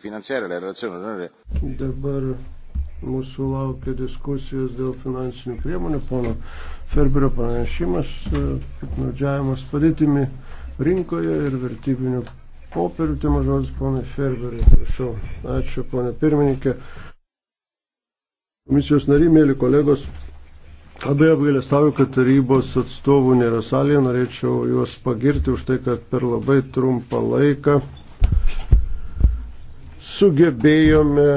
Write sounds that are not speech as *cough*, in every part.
finanziaria la relazione dell'onore. Dabar mūsų laukia diskusijos dėl finansinių priemonių, pono Ferberio pranešimas, e, piknaudžiavimas padėtimi rinkoje ir vertybinių popierių, tai mažodis ponai Ferberiai, prašau. Ačiū, ponė pirmininkė. Komisijos nariai, mėly kolegos, Labai apgailestauju, kad tarybos atstovų nėra salėje, norėčiau juos pagirti už tai, kad per labai trumpą laiką sugebėjome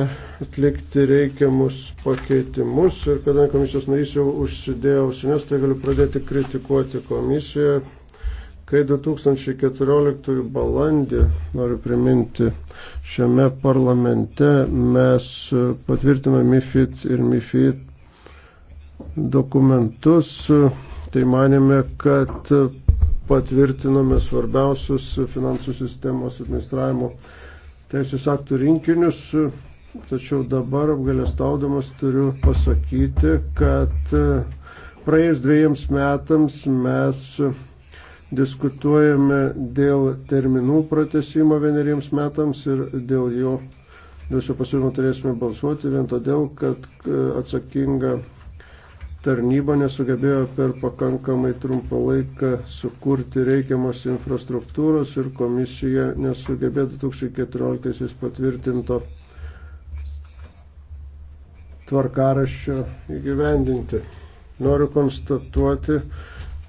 atlikti reikiamus pakeitimus ir kadangi komisijos narys jau užsidėjo ausinės, tai galiu pradėti kritikuoti komisiją, kai 2014 balandį, noriu priminti, šiame parlamente mes patvirtinome MIFID ir MIFID dokumentus, tai manėme, kad patvirtinome svarbiausius finansų sistemos administravimo teisės aktų rinkinius, tačiau dabar apgalėstaudamas turiu pasakyti, kad e, praėjus dviejams metams mes diskutuojame dėl terminų pratesimo vieneriems metams ir dėl jo, dėl šio pasiūlymo turėsime balsuoti vien todėl, kad e, atsakinga tarnyba nesugebėjo per pakankamai trumpą laiką sukurti reikiamos infrastruktūros ir komisija nesugebėjo 2014 patvirtinto tvarkaraščio įgyvendinti. Noriu konstatuoti,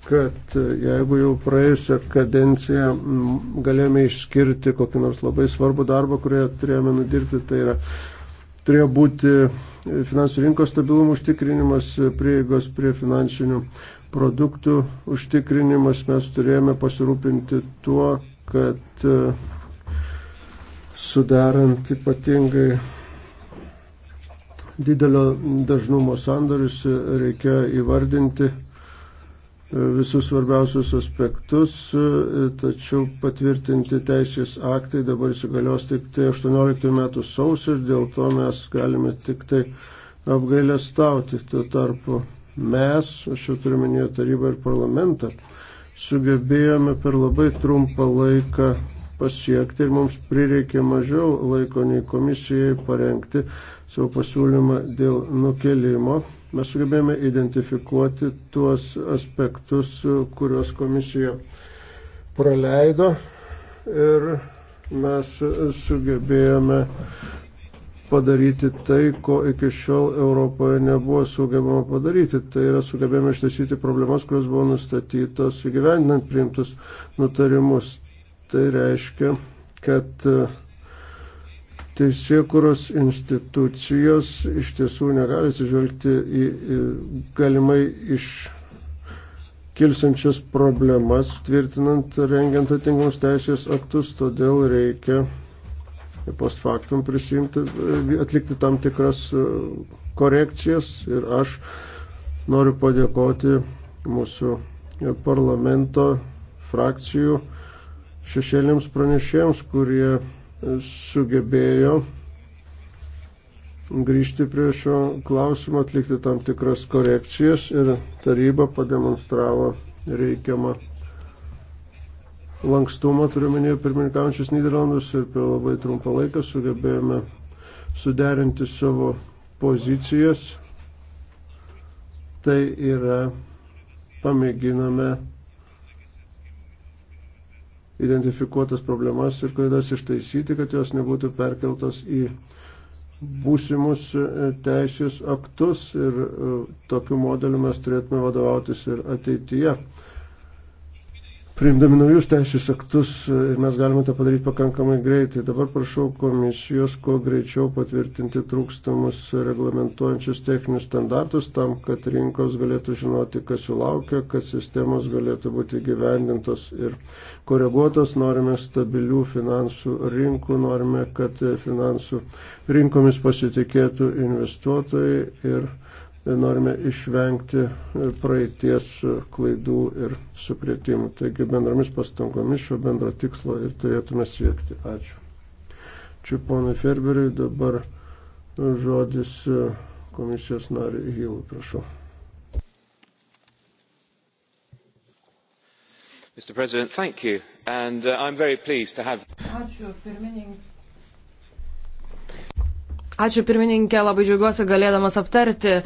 kad jeigu jau praėjusią kadenciją galėjome išskirti kokį nors labai svarbų darbą, kurį turėjome nudirbti, tai yra turėjo būti finansų rinkos stabilumo užtikrinimas, prieigos prie finansinių produktų užtikrinimas. Mes turėjome pasirūpinti tuo, kad e, sudarant ypatingai didelio dažnumo sandorius e, reikia įvardinti visus svarbiausius aspektus, tačiau patvirtinti teisės aktai dabar įsigalios tik tai 18 metų sausis, dėl to mes galime tik tai apgailę stauti. Tuo tarpu mes, aš jau turiu minėję tarybą ir parlamentą, sugebėjome per labai trumpą laiką pasiekti ir mums prireikė mažiau laiko nei komisijai parengti savo pasiūlymą dėl nukelimo. Mes sugebėjome identifikuoti tuos aspektus, kuriuos komisija praleido ir mes sugebėjome padaryti tai, ko iki šiol Europoje nebuvo sugebama padaryti. Tai yra sugebėjome ištaisyti problemas, kurios buvo nustatytos įgyvendinant priimtus nutarimus. Tai reiškia, kad e, teisėkuros institucijos iš tiesų negali atsižvelgti į, į galimai iš kilsančias problemas, tvirtinant, rengiant atinkamus teisės aktus, todėl reikia post factum prisimti, e, atlikti tam tikras e, korekcijas ir aš noriu padėkoti mūsų parlamento frakcijų šešėliams pranešėjams, kurie sugebėjo grįžti prie šio klausimo, atlikti tam tikras korekcijas ir taryba pademonstravo reikiamą lankstumą, turiu minėjau, pirmininkaujančius Niderlandus ir per labai trumpą laiką sugebėjome suderinti savo pozicijas. Tai yra, pamėginame identifikuotas problemas ir klaidas ištaisyti, kad jos nebūtų perkeltos į būsimus e, teisės aktus ir e, tokiu modeliu mes turėtume vadovautis ir ateityje priimdami naujus teisės aktus e, ir mes galime tą padaryti pakankamai greitai. Dabar prašau komisijos kuo greičiau patvirtinti trūkstamus reglamentuojančius techninius standartus tam, kad rinkos galėtų žinoti, kas jų laukia, kad sistemos galėtų būti gyvendintos ir koreguotos. Norime stabilių finansų rinkų, norime, kad finansų rinkomis pasitikėtų investuotojai ir norime išvengti praeities klaidų ir sukrėtimų. Taigi bendromis pastangomis šio bendro tikslo ir turėtume siekti. Ačiū. Čia ponai Ferberiui dabar žodis komisijos nariai Hilui, prašau. Mr. President, thank you. And uh, I'm very pleased to have. Ačiū, pirmininkė. Ačiū pirmininkė, labai džiaugiuosi galėdamas aptarti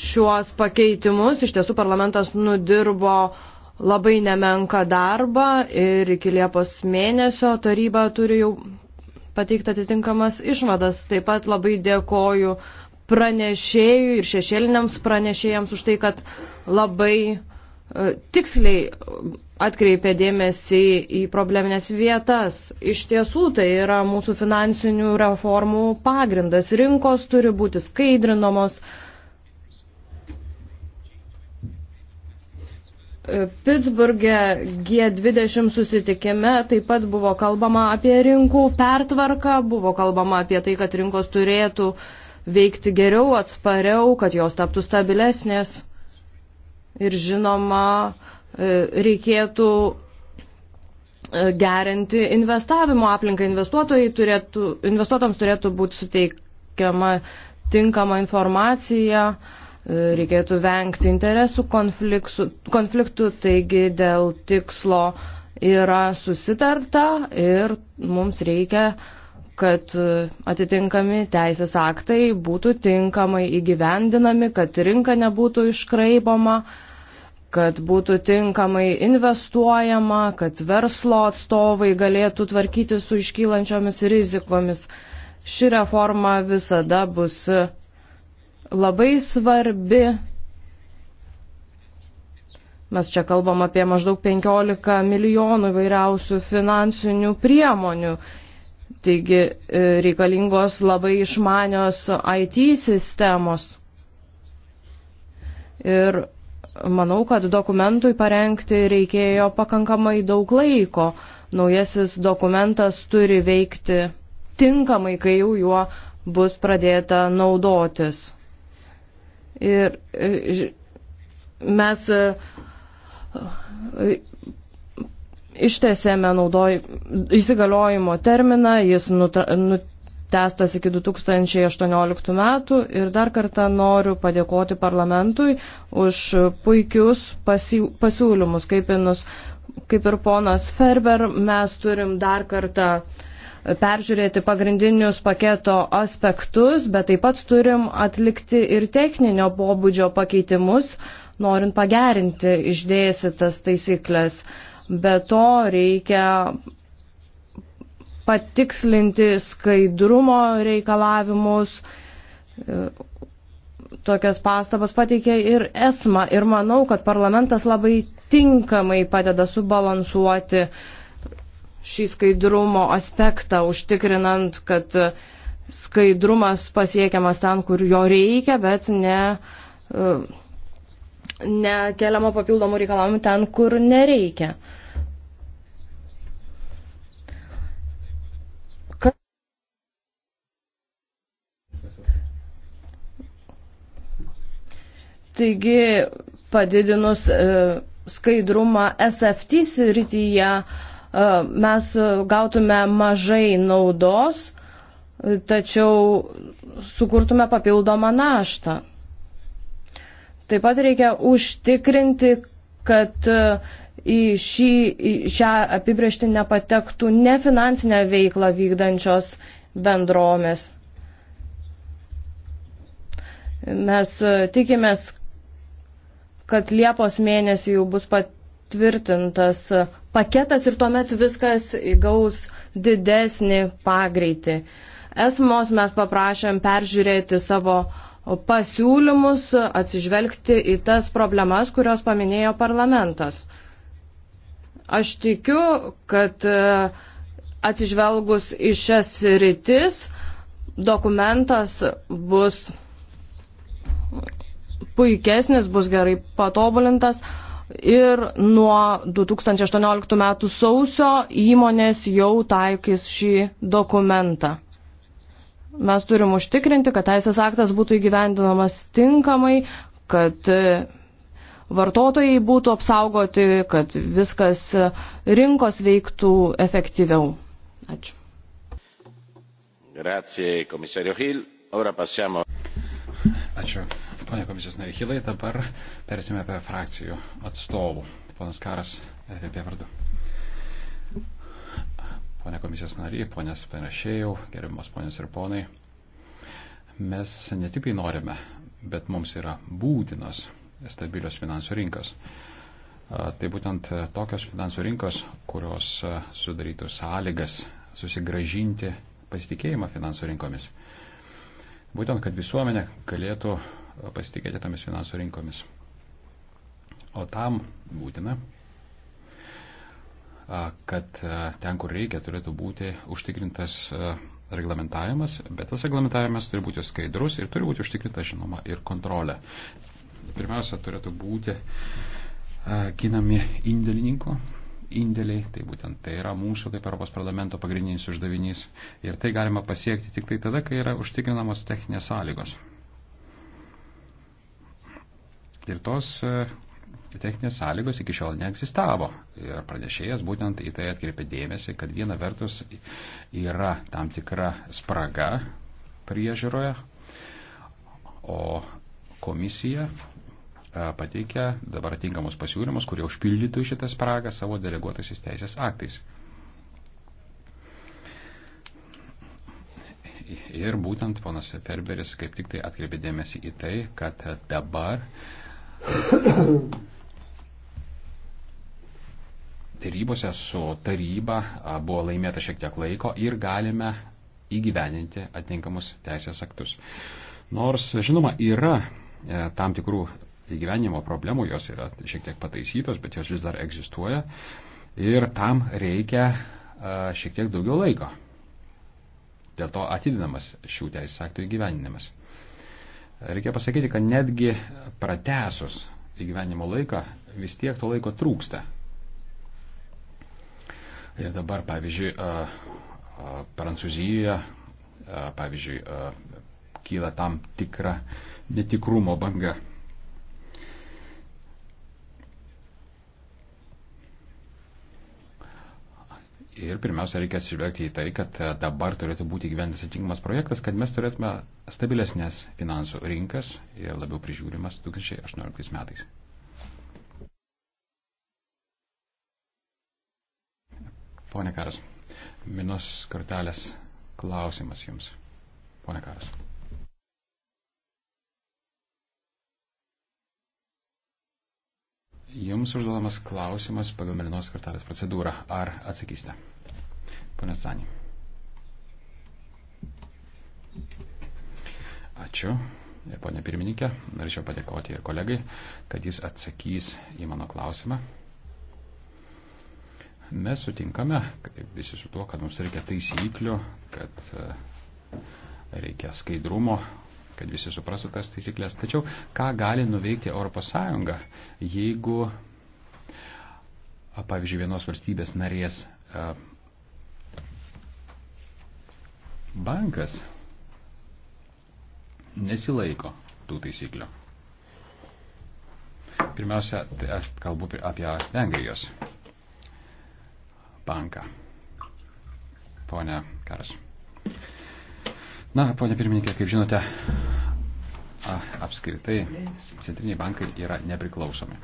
šiuos pakeitimus. Iš tiesų parlamentas nudirbo labai nemenka darbą ir iki Liepos mėnesio taryba turi jau pateikti atitinkamas išvadas. Taip pat labai dėkoju pranešėjui ir šešėliniams pranešėjams už tai, kad labai e, tiksliai atkreipė dėmesį į probleminės vietas. Iš tiesų tai yra mūsų finansinių reformų pagrindas. Rinkos turi būti skaidrinamos, uh, Pittsburghe G20 susitikime taip pat buvo kalbama apie rinkų pertvarką, buvo kalbama apie tai, kad rinkos turėtų veikti geriau, atspariau, kad jos taptų stabilesnės. Ir žinoma, e, reikėtų e, gerinti investavimo aplinką. Investuotojai turėtų, investuotams turėtų būti suteikiama tinkama informacija. Uh, E, reikėtų vengti interesų konfliktų, konfliktų, taigi dėl tikslo yra susitarta ir mums reikia, kad e, atitinkami teisės aktai būtų tinkamai įgyvendinami, kad rinka nebūtų iškraipama, kad būtų tinkamai investuojama, kad verslo atstovai galėtų tvarkyti su iškylančiomis rizikomis. Ši reforma visada bus labai svarbi. Mes čia kalbam apie maždaug 15 milijonų įvairiausių finansinių priemonių. Taigi e, reikalingos labai išmanios IT sistemos. Ir manau, kad dokumentui parengti reikėjo pakankamai daug laiko. Naujasis dokumentas turi veikti tinkamai, kai jau juo bus pradėta naudotis. Ir e, mes e, ištesėme naudoj, įsigaliojimo terminą, jis nutestas iki 2018 metų ir dar kartą noriu padėkoti parlamentui už puikius pasi, pasiūlymus, kaip, inus, kaip ir ponas Ferber, mes turim dar kartą uh, peržiūrėti pagrindinius paketo aspektus, bet taip pat turim atlikti ir techninio pobūdžio pakeitimus, norint pagerinti išdėsitas taisyklės. Be to reikia patikslinti skaidrumo reikalavimus. Tokias pastabas pateikė ir ESMA ir manau, kad parlamentas labai tinkamai padeda subalansuoti uh, šį skaidrumo aspektą, užtikrinant, kad skaidrumas pasiekiamas ten, kur jo reikia, bet ne, e, nekeliama papildomų reikalavimų ten, kur nereikia. Kad... Taigi, padidinus e, skaidrumą SFT srityje, E, mes gautume mažai naudos, tačiau sukurtume papildomą naštą. Taip pat reikia užtikrinti, kad e, į šį, į šią apibriežtį nepatektų nefinansinę veiklą vykdančios bendromis. Mes e, tikimės, kad Liepos mėnesį jau bus patvirtintas paketas ir tuomet viskas įgaus didesnį pagreitį. Esmos mes paprašėm peržiūrėti savo pasiūlymus, atsižvelgti į tas problemas, kurios paminėjo parlamentas. Aš tikiu, kad e, atsižvelgus į šias rytis, dokumentas bus puikesnis, bus gerai patobulintas, ir nuo 2018 metų sausio įmonės jau taikys šį dokumentą. Mes turim užtikrinti, kad teisės aktas būtų įgyvendinamas tinkamai, kad vartotojai būtų apsaugoti, kad viskas rinkos veiktų efektyviau. Ačiū. Grazie, komisario Hill. Ora passiamo. Ačiū Pone komisijos narykilai, dabar persime apie frakcijų atstovų. Ponas Karas, apie vardu. Pone komisijos nariai, ponės panašėjau, gerbiamas ponės ir ponai. Mes ne tik tai norime, bet mums yra būtinos stabilios finansų rinkos. Tai būtent tokios finansų rinkos, kurios sudarytų sąlygas susigražinti pasitikėjimą finansų rinkomis. Būtent, kad visuomenė galėtų pasitikėti tomis finansų rinkomis. O tam būtina, kad ten, kur reikia, turėtų būti užtikrintas reglamentavimas, bet tas reglamentavimas turi būti skaidrus ir turi būti užtikrinta, žinoma, ir kontrolė. Pirmiausia, turėtų būti ginami indėlininko indėliai, tai būtent tai yra mūsų kaip Europos parlamento pagrindinis uždavinys ir tai galima pasiekti tik tai tada, kai yra užtikrinamos techninės sąlygos. Ir tos e, techninės sąlygos iki šiol neegzistavo. Ir pranešėjas būtent į tai atkreipė dėmesį, kad viena vertus yra tam tikra spraga priežiūroje, o komisija e, pateikia dabar atinkamus pasiūlymus, kurie užpildytų šitą spragą savo deleguotasis teisės aktais. Ir būtent ponas Ferberis kaip tik tai atkreipė dėmesį į tai, kad dabar uh, Dėrybose su taryba buvo laimėta šiek tiek laiko ir galime įgyveninti atinkamus teisės aktus. Nors, žinoma, yra e, tam tikrų įgyvenimo problemų, jos yra šiek tiek pataisytos, bet jos vis dar egzistuoja ir tam reikia e, šiek tiek daugiau laiko. Dėl to atidinamas šių teisės aktų įgyveninimas. Reikia pasakyti, kad netgi pratesus įgyvenimo laiką vis tiek to laiko trūksta. Ir dabar, pavyzdžiui, Prancūzijoje, pavyzdžiui, kyla tam tikra netikrumo banga. Ir pirmiausia, reikia atsižvelgti į tai, kad dabar turėtų būti gyventas atitinkamas projektas, kad mes turėtume stabilesnės finansų rinkas ir labiau prižiūrimas 2018 metais. Pone Karas, minus kortelės klausimas jums. Pone Karas. Jums užduodamas klausimas pagal Melinos kortelės procedūrą. Ar atsakysite? Pane Sanį. Ačiū. Pone pirmininkė, norėčiau padėkoti ir kolegai, kad jis atsakys į mano klausimą. Mes sutinkame visi su tuo, kad mums reikia taisyklių, kad e, reikia skaidrumo, kad visi suprastų tas taisyklės. Tačiau ką gali nuveikti ES, jeigu, pavyzdžiui, vienos valstybės narės e, bankas nesilaiko tų taisyklių. Pirmiausia, tai aš kalbu apie Vengrijos banką. Pone Karas. Na, ponė pirmininkė, kaip žinote, apskritai centriniai bankai yra nepriklausomi.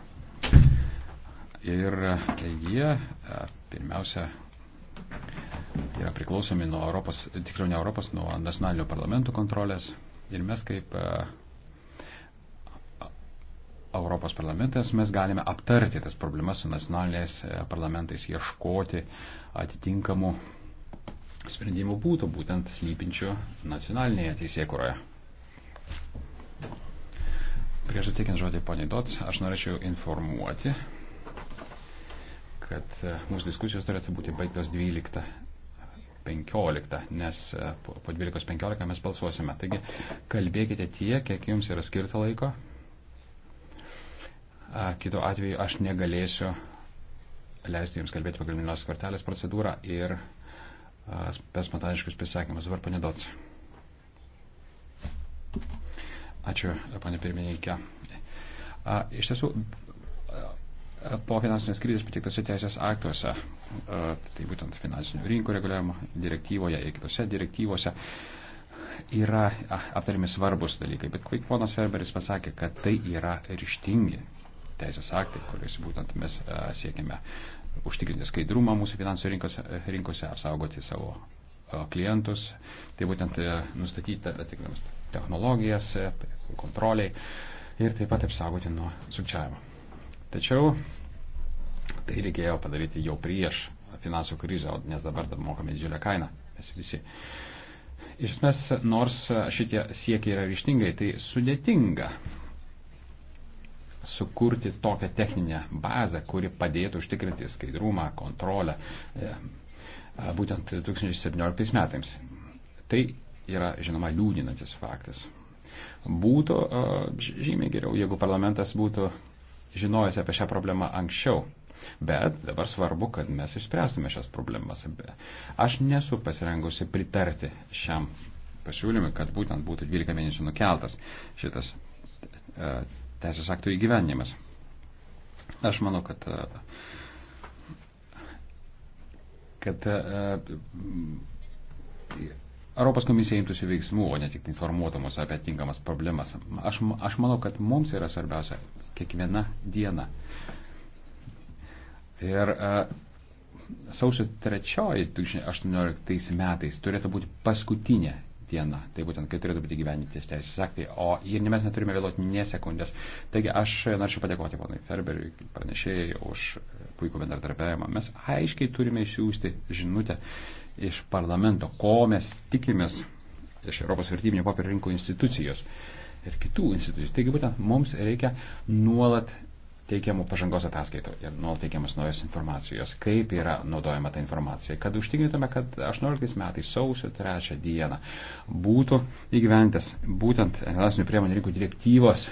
Ir jie pirmiausia yra priklausomi nuo Europos, tikriau ne Europos, nuo nacionalinio parlamento kontrolės, Ir mes kaip e, Europos parlamentas mes galime aptarti tas problemas su nacionaliniais e, parlamentais, ieškoti atitinkamų sprendimų būtų būtent slypinčių nacionalinėje teisėkuroje. Prieš ateikiant žodį poniai Dots, aš norėčiau informuoti, kad e, mūsų diskusijos turėtų būti baigtos 12 12.15, nes e, po 12.15 mes balsuosime. Taigi kalbėkite tiek, kiek jums yra skirta laiko. Kitu atveju aš negalėsiu leisti jums kalbėti pagal Milnos kortelės procedūrą ir besmataniškus prisakymus. Dabar panedots. Ačiū, e, panė pirmininkė. Iš tiesų, po finansinės krizės pateiktose teisės aktuose, e, tai būtent finansinių rinkų reguliavimo direktyvoje ir kitose direktyvose, yra aptariami svarbus dalykai. Bet kaip ponas Ferberis pasakė, kad tai yra ryštingi teisės aktai, kuriais būtent mes e, siekime užtikrinti skaidrumą mūsų finansų rinkose, rinkose apsaugoti savo e, klientus, tai būtent nustatyti atitinkamas technologijas, kontroliai ir taip pat apsaugoti nuo sukčiavimo. Tačiau tai reikėjo padaryti jau prieš finansų krizę, nes dabar dar mokame didžiulę kainą, mes visi. Iš esmės, nors šitie siekiai yra ryštingai, tai sudėtinga sukurti tokią techninę bazę, kuri padėtų užtikrinti skaidrumą, kontrolę, e, būtent 2017 metais. Tai yra, žinoma, liūdinantis faktas. Būtų e, žymiai geriau, jeigu parlamentas būtų žinojęs apie šią problemą anksčiau. Bet dabar svarbu, kad mes išspręstume šias problemas. Aš nesu pasirengusi pritarti šiam pasiūlymui, kad būtent būtų 12 mėnesių nukeltas šitas e, teisės aktų įgyvenimas. Aš manau, kad, e, kad e, Europos komisija imtųsi veiksmų, o ne tik informuotamos apie tinkamas problemas. Aš, aš manau, kad mums yra svarbiausia kiekviena diena. Ir uh, sausio 3.2018 metais turėtų būti paskutinė diena. Tai būtent, kai turėtų būti gyveninti teisės aktai. O ir mes neturime vėluoti nesekundės. Taigi aš norėčiau padėkoti ponui Ferberiui, pranešėjai, už puikų bendradarbiavimą. Mes aiškiai turime išsiųsti žinutę iš parlamento, ko mes tikimės iš Europos vertybinio popierio rinkų institucijos ir kitų institucijų. Taigi būtent mums reikia nuolat teikiamų pažangos ataskaitų ir nuolat teikiamas naujos informacijos, kaip yra naudojama ta informacija, kad užtikrintume, kad 18 metais sausio 3 dieną būtų įgyventas būtent finansinių priemonių rinkų direktyvos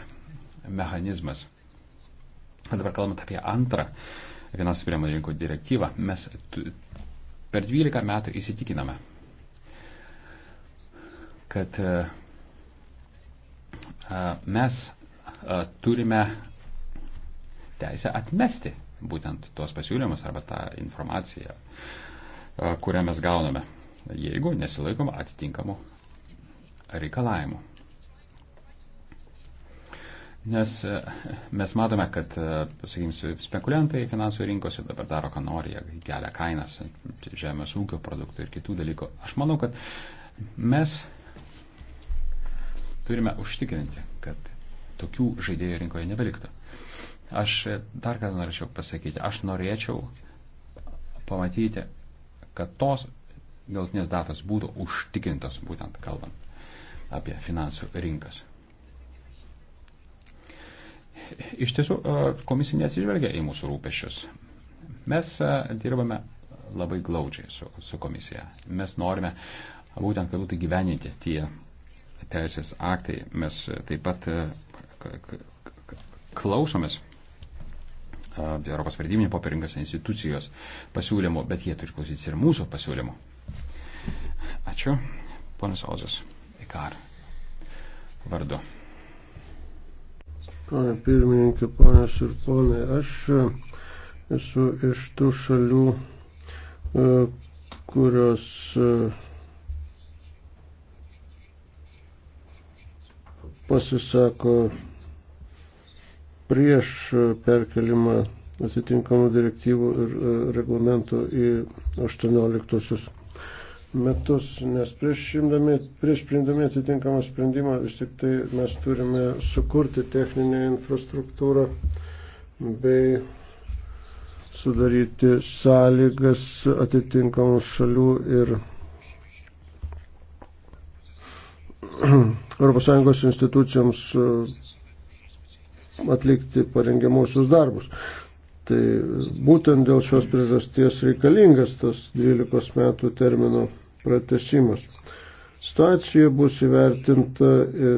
mechanizmas. O dabar kalbant apie antrą finansinių priemonių rinkų direktyvą, mes Per 12 metų įsitikiname, kad e, e, mes e, turime teisę atmesti būtent tuos pasiūlymus arba tą informaciją, kurią mes gauname, jeigu nesilaikom atitinkamų reikalavimų. Nes e, mes matome, kad, e, sakykime, spekuliantai finansų rinkose dabar daro, ką nori, jie kelia kainas žemės ūkio produktų ir kitų dalykų. Aš manau, kad mes turime užtikrinti, kad tokių žaidėjų rinkoje nebeliktų. Aš e, dar kartą norėčiau pasakyti, aš norėčiau pamatyti, kad tos galtinės datos būtų užtikrintos, būtent kalbant apie finansų rinkas. Iš tiesų, komisija neatsižvelgia į mūsų rūpešius. Mes dirbame labai glaudžiai su, su komisija. Mes norime būtent, kad būtų gyveninti tie teisės aktai. Mes taip pat klausomės Europos vertybinio popierinkos institucijos pasiūlymų, bet jie turi klausytis ir mūsų pasiūlymų. Ačiū. Ponas Ozas Ikar. Vardu. Pane pirmininkė, ponės ir ponai, aš e, esu iš tų šalių, e, kurios e, pasisako prieš perkelimą atitinkamų direktyvų ir reglamentų į 18 metus, nes prieš, šimdami, prieš priimdami atitinkamą sprendimą vis tik tai mes turime sukurti techninę infrastruktūrą bei sudaryti sąlygas atitinkamų šalių ir *clears throat* ES institucijoms uh, atlikti parengiamusius darbus. Tai būtent dėl šios priežasties reikalingas tas 12 metų termino pratesimas. Situacija bus įvertinta e,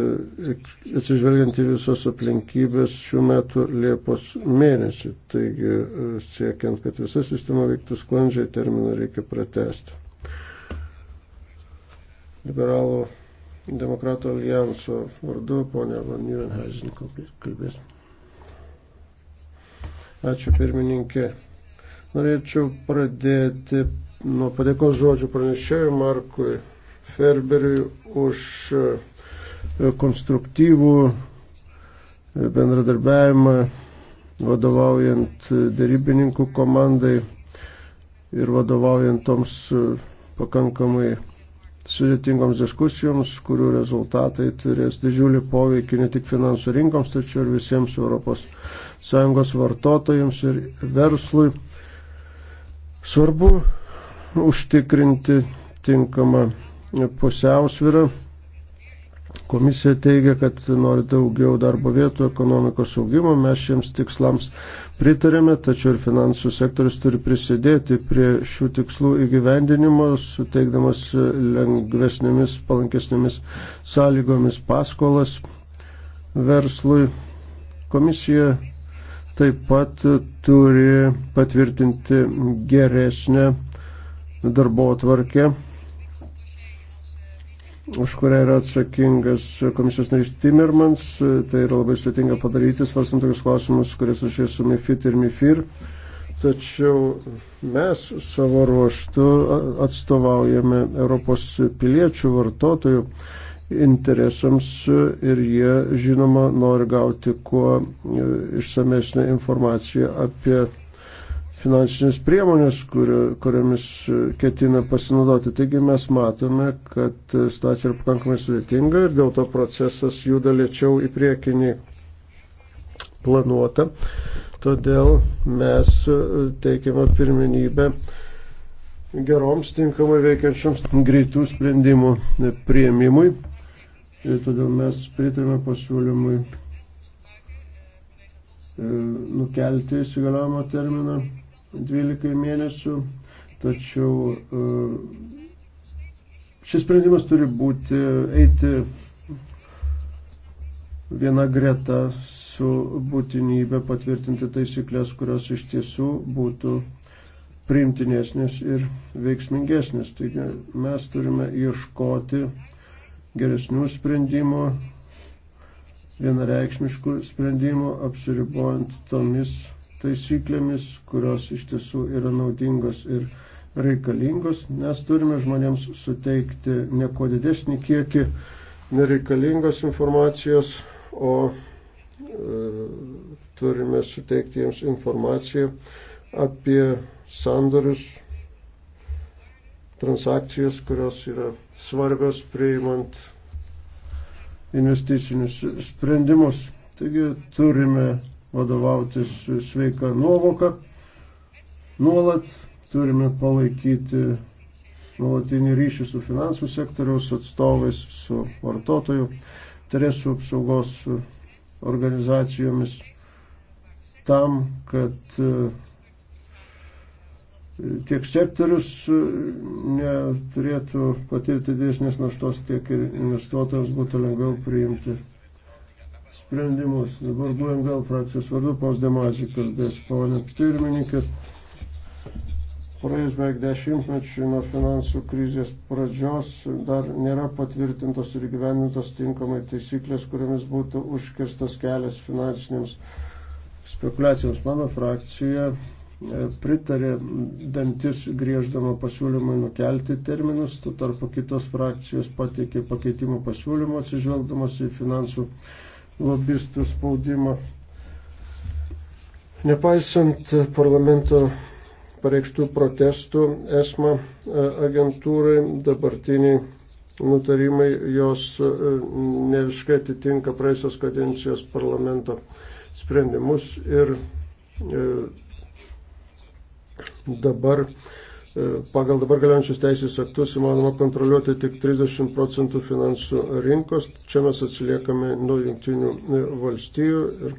atsižvelgiant į visas aplinkybės šių metų Liepos mėnesį. Taigi, e, siekiant, kad visa sistema veiktų sklandžiai, terminą reikia pratesti. Liberalų demokratų alijanso vardu, ponia Van Nieuwenhuizen, kalbės. Ačiū pirmininkė. Norėčiau pradėti nuo padėkos žodžių pranešėjų Markui Ferberiui už e, konstruktyvų e, bendradarbiavimą vadovaujant e, darybininkų komandai ir vadovaujant toms pakankamai sudėtingoms diskusijoms, kurių rezultatai turės didžiulį poveikį ne tik finansų rinkoms, tačiau ir visiems ES vartotojams ir verslui. Svarbu užtikrinti tinkamą pusiausvyrą. Komisija teigia, kad nori daugiau darbo vietų ekonomikos augimo, mes šiems tikslams pritarėme, tačiau ir finansų sektorius turi prisidėti prie šių tikslų įgyvendinimo, suteikdamas lengvesnėmis, palankesnėmis sąlygomis paskolas verslui. Komisija taip pat turi patvirtinti geresnę darbo atvarkė, už kurią yra atsakingas komisijos narys Timmermans. Tai yra labai sudėtinga padaryti, svarstant tokius klausimus, kurie susiję su MIFID ir MIFIR. Tačiau mes savo ruoštų atstovaujame Europos piliečių vartotojų interesams ir jie, žinoma, nori gauti kuo išsamesnę informaciją apie finansinės priemonės, kurio, kuriamis e, ketina pasinaudoti. Taigi mes matome, kad e, situacija yra pakankamai sudėtinga ir dėl to procesas juda lėčiau į priekinį planuota. Todėl mes e, teikiame pirmenybę geroms tinkamai veikiančioms greitų sprendimų prieimimui. Ir todėl mes pritarėme pasiūlymui nukelti įsigaliojimo terminą 12 mėnesių, tačiau e, šis sprendimas turi būti eiti viena greta su būtinybė patvirtinti taisyklės, kurios iš tiesų būtų priimtinesnės ir veiksmingesnės. Taigi mes turime ieškoti geresnių sprendimų, vienareikšmiškų sprendimų, apsiribojant tomis taisyklėmis, kurios iš tiesų yra naudingos ir reikalingos, nes turime žmonėms suteikti nieko didesnį kiekį nereikalingos informacijos, o e, turime suteikti jiems informaciją apie sandorius, transakcijas, kurios yra svarbios prieimant investicinius sprendimus. Taigi turime vadovautis sveika nuovoka. Nuolat turime palaikyti nuolatinį ryšį su finansų sektoriaus atstovais, su vartotojų interesų apsaugos organizacijomis tam, kad e, tiek sektorius e, neturėtų patirti didesnės naštos, tiek ir investuotojams būtų lengviau priimti sprendimus. Dabar buvom gal frakcijos vardu, pos Demazį kalbės, ponė pirmininkė. Praėjus beveik dešimtmečių nuo finansų krizės pradžios dar nėra patvirtintos ir gyvenintos tinkamai taisyklės, kuriamis būtų užkirstas kelias finansinėms spekulacijoms. Mano frakcija e, pritarė dantis grieždama pasiūlymui nukelti terminus, tuo tarpu kitos frakcijos pateikė pakeitimų pasiūlymų atsižvelgdamas į finansų lobistų spaudimą. Nepaisant parlamento pareikštų protestų esma e, agentūrai, dabartiniai nutarimai jos e, ne visiškai atitinka praėjusios kadencijos parlamento sprendimus ir e, dabar E, pagal dabar galiančius teisės aktus įmanoma kontroliuoti tik 30 procentų finansų rinkos. Čia mes atsiliekame nuo jungtinių e, valstijų. Ir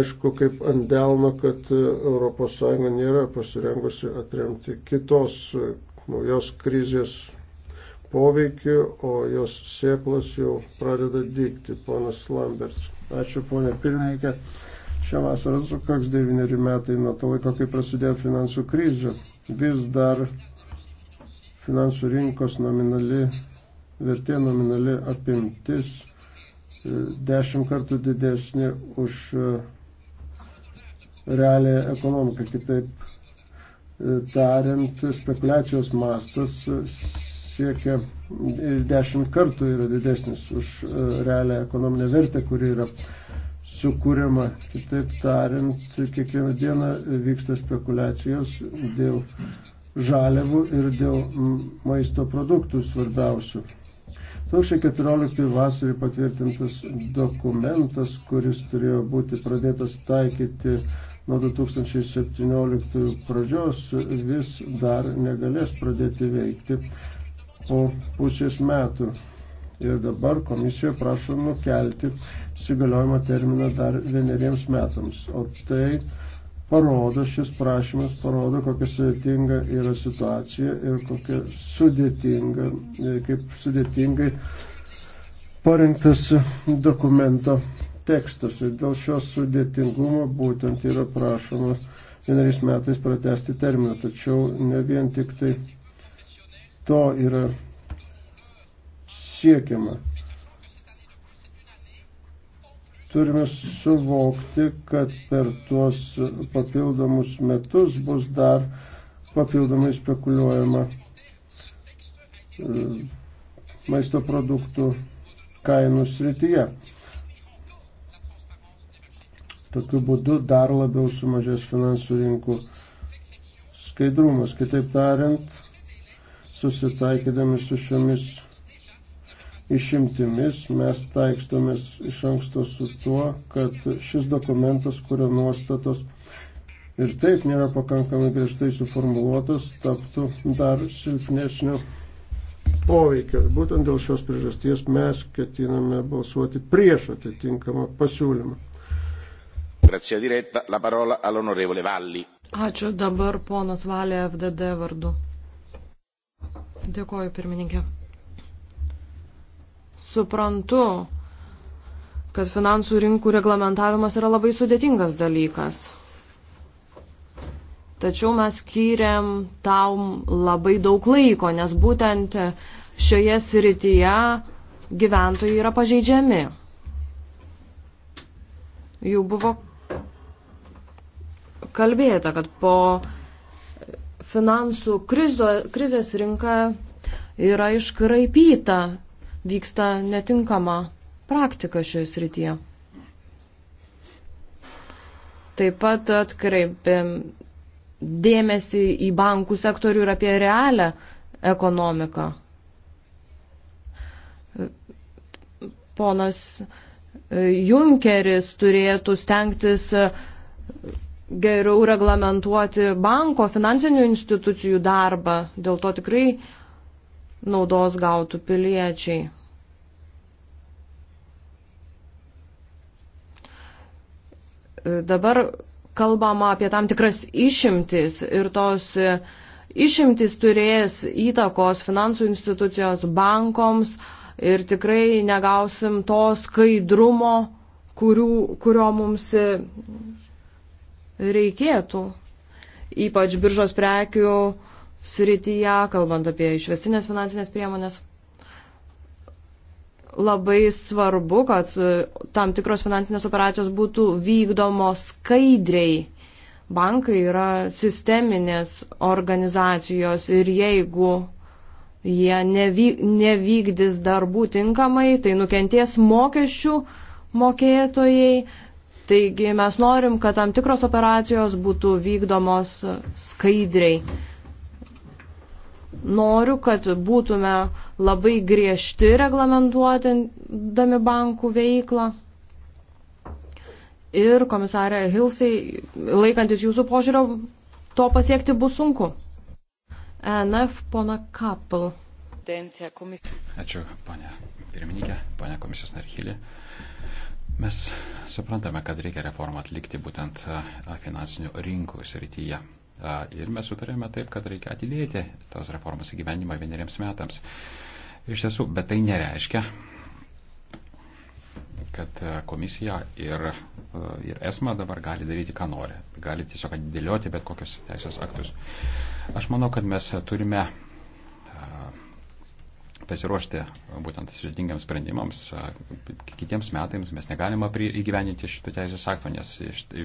aišku, kaip ant delno, kad ES nėra pasirengusi atremti kitos e, naujos krizės poveikį, o jos sėklas jau pradeda dygti. Ponas Lamberts. Ačiū, ponė pirmininkė. Šią vasarą sukaks devyneri metai nuo to laiko, kai prasidėjo finansų krizė vis dar finansų rinkos nominali vertė, nominali apimtis e, dešimt kartų didesnė už e, realią ekonomiką. Kitaip e, tariant, spekulacijos mastas siekia dešimt kartų yra didesnis už realią ekonominę vertę, kuri yra sukūriama. Kitaip tariant, kiekvieną dieną vyksta spekulacijos dėl žaliavų ir dėl maisto produktų svarbiausių. 2014 vasarį patvirtintas dokumentas, kuris turėjo būti pradėtas taikyti nuo 2017 pradžios, vis dar negalės pradėti veikti po pusės metų ir dabar komisijoje prašo nukelti įsigaliojimo terminą dar vieneriems metams. O tai parodo, šis prašymas parodo, kokia sudėtinga yra situacija ir kokia sudėtinga, kaip sudėtingai parengtas dokumento tekstas. Ir dėl šios sudėtingumo būtent yra prašoma vieneriais metais pratesti terminą. Tačiau ne vien tik tai to yra siekiama. Turime suvokti, kad per tuos papildomus metus bus dar papildomai spekuliuojama e, maisto produktų kainų srityje. Tokiu būdu dar labiau sumažės finansų rinkų skaidrumas. Kitaip tariant, susitaikydami su šiomis išimtimis mes taikstomės iš anksto su tuo, kad šis dokumentas, kurio nuostatos ir taip nėra pakankamai griežtai suformuoluotas, taptų dar silpnesnio poveikio. Būtent dėl šios priežasties mes ketiname balsuoti prieš atitinkamą pasiūlymą. Ačiū dabar ponas Valė FDD vardu. Dėkoju pirmininkė suprantu, kad finansų rinkų reglamentavimas yra labai sudėtingas dalykas. Tačiau mes skyrėm tam labai daug laiko, nes būtent šioje srityje gyventojai yra pažeidžiami. Jau buvo kalbėta, kad po finansų krizo, krizės rinka yra iškraipyta vyksta netinkama praktika šioje srityje. Taip pat atkreipėm dėmesį į bankų sektorių ir apie realią ekonomiką. Ponas Junkeris turėtų stengtis geriau reglamentuoti banko finansinių institucijų darbą, dėl to tikrai naudos gautų piliečiai. E, dabar kalbama apie tam tikras išimtis ir tos e, išimtis turės įtakos finansų institucijos bankoms ir tikrai negausim to skaidrumo, kurių, kurio mums e, reikėtų. Ypač biržos prekių srityje, kalbant apie išvestinės finansinės priemonės labai svarbu, kad tam tikros finansinės operacijos būtų vykdomos skaidriai. Bankai yra sisteminės organizacijos ir jeigu jie nevy, nevykdys darbų tinkamai, tai nukenties mokesčių mokėtojai. Taigi mes norim, kad tam tikros operacijos būtų vykdomos skaidriai noriu, kad būtume labai griežti reglamentuotindami bankų veiklą. Ir komisarė Hilsai, laikantis jūsų požiūrio, to pasiekti bus sunku. E NF pona Kapel. Ačiū, ponia pirmininkė, ponia komisijos narhylė. Mes suprantame, kad reikia reformą atlikti būtent e, finansinių rinkų srityje. Ir mes sutarėme taip, kad reikia atidėti tos reformos įgyvenimą vieneriems metams. Iš tiesų, bet tai nereiškia, kad e, komisija ir, e, ir esma dabar gali daryti, ką nori. Gali tiesiog atidėlioti bet kokius teisės aktus. Aš manau, kad mes turime pasiruošti būtent sudėtingiams sprendimams. Kitiems metams mes negalime įgyveninti šito teisės akto, nes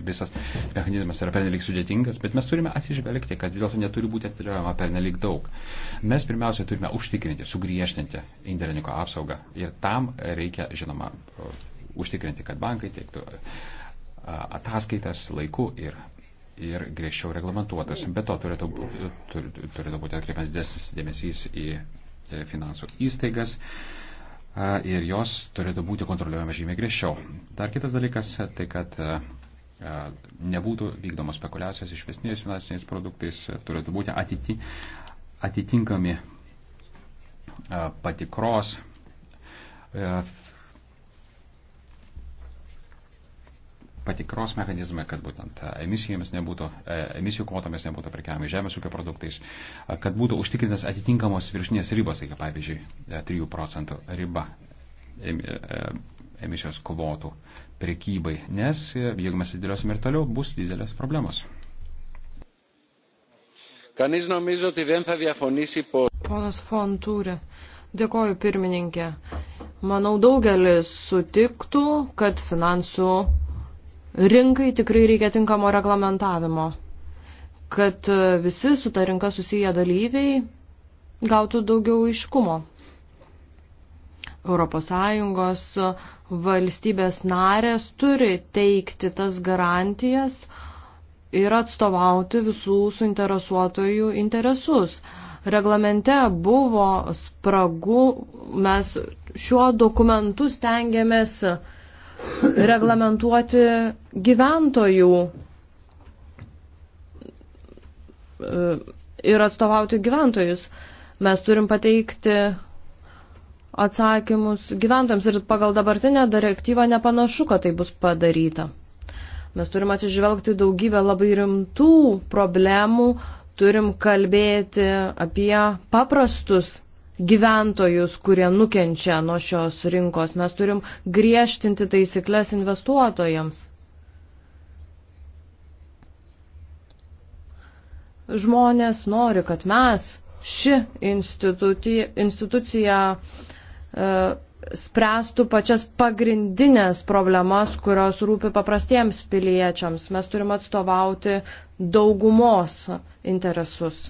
visas mechanizmas yra pernelik sudėtingas, bet mes turime atsižvelgti, kad vis dėlto neturi būti atidėliojama pernelik daug. Mes pirmiausia turime užtikrinti, sugriežtinti indėlininko apsaugą ir tam reikia, žinoma, užtikrinti, kad bankai teiktų ataskaitas laiku ir ir griežčiau reglamentuotas. Be to turėtų, turėtų būti atkreipiamas didesnis dėmesys į E, finansų įstaigas e, ir jos turėtų būti kontroliuojama žymiai griežčiau. Dar kitas dalykas, tai kad e, nebūtų vykdomos spekulacijos išvesniais finansiniais produktais, turėtų būti atiti, atitinkami patikros patikros mechanizmai, kad būtent e, emisijomis nebūtų, e, emisijų kvotomis nebūtų prekiami žemės ūkio produktais, kad būtų užtikrintas atitinkamos viršinės ribos, kaip pavyzdžiui 3 e, procentų riba emisijos kvotų prekybai, nes jeigu mes atidėliosim ir toliau, bus didelės problemos. Ponas Fontūrė, dėkoju pirmininkė. Manau, daugelis sutiktų, kad finansų rinkai tikrai reikia tinkamo reglamentavimo, kad e, visi su ta rinka susiję dalyviai gautų daugiau aiškumo. ES valstybės narės turi teikti tas garantijas ir atstovauti visų suinteresuotojų interesus. Reglamente buvo spragų, mes šiuo dokumentu stengiamės uh, reglamentuoti gyventojų e, ir atstovauti gyventojus. Mes turim pateikti atsakymus gyventojams ir pagal dabartinę direktyvą nepanašu, kad tai bus padaryta. Mes turim atsižvelgti daugybę labai rimtų problemų, turim kalbėti apie paprastus gyventojus, kurie nukenčia nuo šios rinkos. Mes turim griežtinti taisyklės investuotojams. Žmonės nori, kad mes ši institucija, institucija e, spręstų pačias pagrindinės problemas, kurios rūpi paprastiems piliečiams. Mes turim atstovauti daugumos interesus.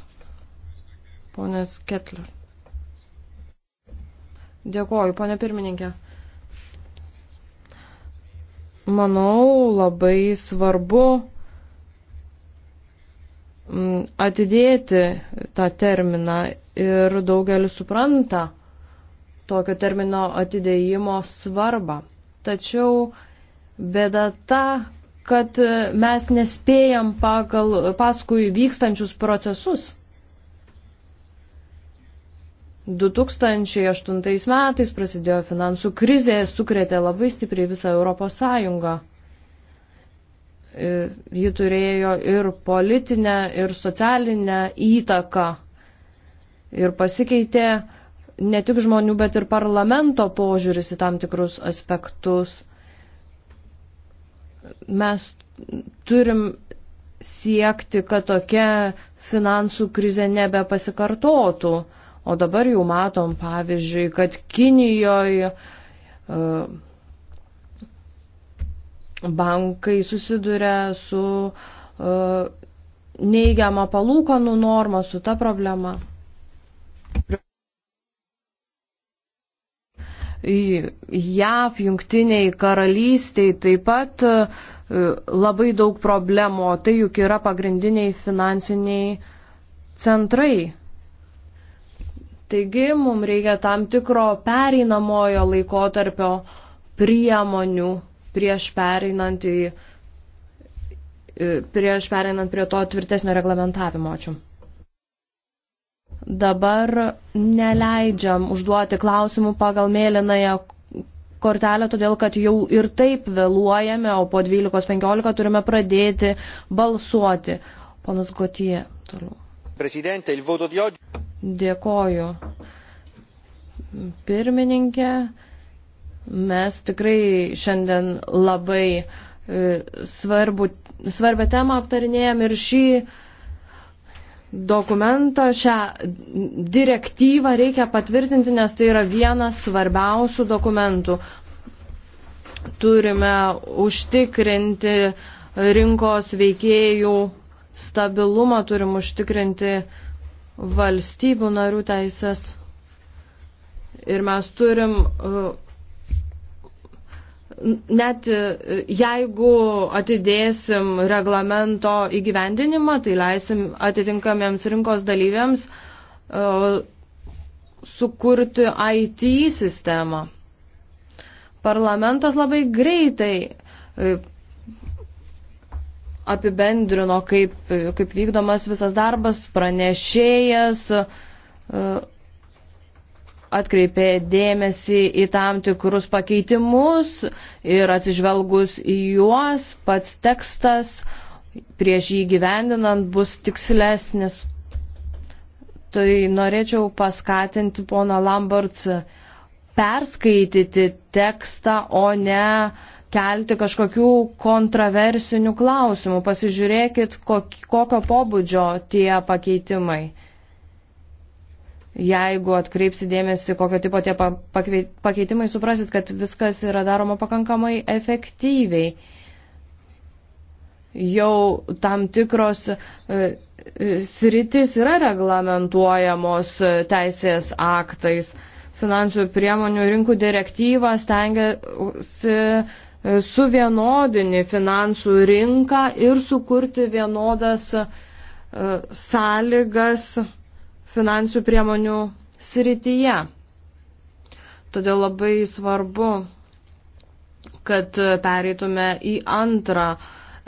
Ponas Ketler. Dėkoju, ponė pirmininkė. Manau, labai svarbu mm, atidėti tą terminą ir daugelis supranta tokio termino atidėjimo svarbą. Tačiau bėda ta, kad mes nespėjam pagal paskui vykstančius procesus. 2008 metais prasidėjo finansų krizė, sukrėtė labai stipriai visą Europos Sąjungą. Ji turėjo ir politinę, ir socialinę įtaką. Ir pasikeitė ne tik žmonių, bet ir parlamento požiūris į tam tikrus aspektus. Mes turim siekti, kad tokia finansų krizė nebepasikartotų. pasikartotų O dabar jau matom, pavyzdžiui, kad Kinijoje e, bankai susiduria su e, neigiama palūkanų norma, su ta problema. JAV, jungtiniai karalystiai taip pat e, labai daug problemų, o tai juk yra pagrindiniai finansiniai centrai. Taigi mums reikia tam tikro pereinamojo laikotarpio priemonių prieš pereinant, į, e, prieš pereinant prie to tvirtesnio reglamentavimo. Ačiū. Dabar neleidžiam užduoti klausimų pagal mėlynąją kortelę, todėl kad jau ir taip vėluojame, o po 12.15 turime pradėti balsuoti. Ponas Gotie, toliau. Dėkoju. Pirmininkė, mes tikrai šiandien labai e, svarbu, svarbę temą aptarinėjom ir šį dokumentą, šią direktyvą reikia patvirtinti, nes tai yra vienas svarbiausių dokumentų. Turime užtikrinti rinkos veikėjų stabilumą, turim užtikrinti uh, valstybių narių teisės ir mes turim e, net e, jeigu atidėsim reglamento įgyvendinimą, tai leisim atitinkamiems rinkos dalyviams e, sukurti IT sistemą. Parlamentas labai greitai apibendrino, kaip, kaip vykdomas visas darbas, pranešėjas e, atkreipė dėmesį į tam tikrus pakeitimus ir atsižvelgus į juos pats tekstas prieš jį gyvendinant bus tikslesnis. Tai norėčiau paskatinti poną Lamberts perskaityti tekstą, o ne uh, kelti kažkokių kontraversinių klausimų. Pasižiūrėkit, kokio pobūdžio tie pakeitimai. Jeigu atkreipsi dėmesį, kokio tipo tie pakeitimai, suprasit, kad viskas yra daroma pakankamai efektyviai. Jau tam tikros e, e, sritis yra reglamentuojamos teisės aktais. Finansų priemonių rinkų direktyva stengiasi suvienodini finansų rinką ir sukurti vienodas e, sąlygas finansų priemonių srityje. Todėl labai svarbu, kad pereitume į antrą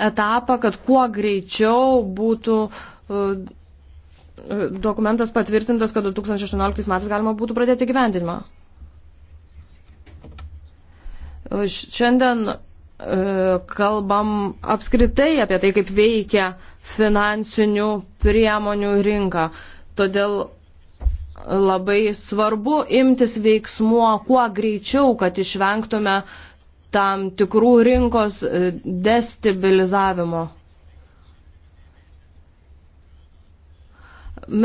etapą, kad kuo greičiau būtų e, e, dokumentas patvirtintas, kad 2018 metais galima būtų pradėti gyvendinimą. Šiandien e, kalbam apskritai apie tai, kaip veikia finansinių priemonių rinka. Todėl labai svarbu imtis veiksmuo kuo greičiau, kad išvengtume tam tikrų rinkos e, destabilizavimo.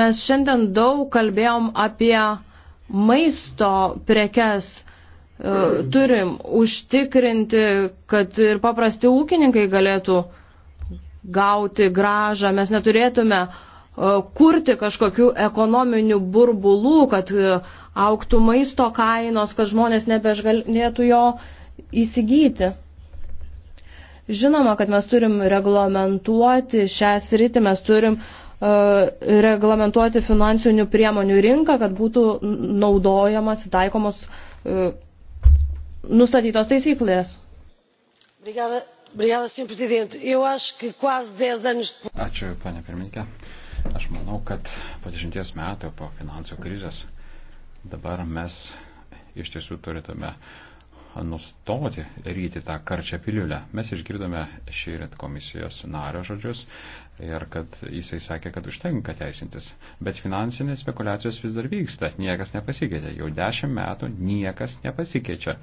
Mes šiandien daug kalbėjom apie maisto prekes E, turim užtikrinti, kad ir paprasti ūkininkai galėtų gauti gražą. Mes neturėtume e, kurti kažkokių ekonominių burbulų, kad e, auktų maisto kainos, kad žmonės nebežgalėtų jo įsigyti. Žinoma, kad mes turim reglamentuoti šią sritį, mes turim reglamentuoti finansinių priemonių rinką, kad būtų naudojamas, taikomos nustatytos taisyklės. Brigada, brigada, Ačiū, panė pirmininkė. Aš manau, kad po dešimties metų po finansų krizės dabar mes iš tiesų turėtume nustoti ryti tą karčią piliulę. Mes išgirdome šį ryt komisijos nario žodžius ir kad jisai sakė, kad užtenka teisintis. Bet finansinės spekulacijos vis dar vyksta, niekas nepasikeitė. Jau dešimt metų niekas nepasikeičia.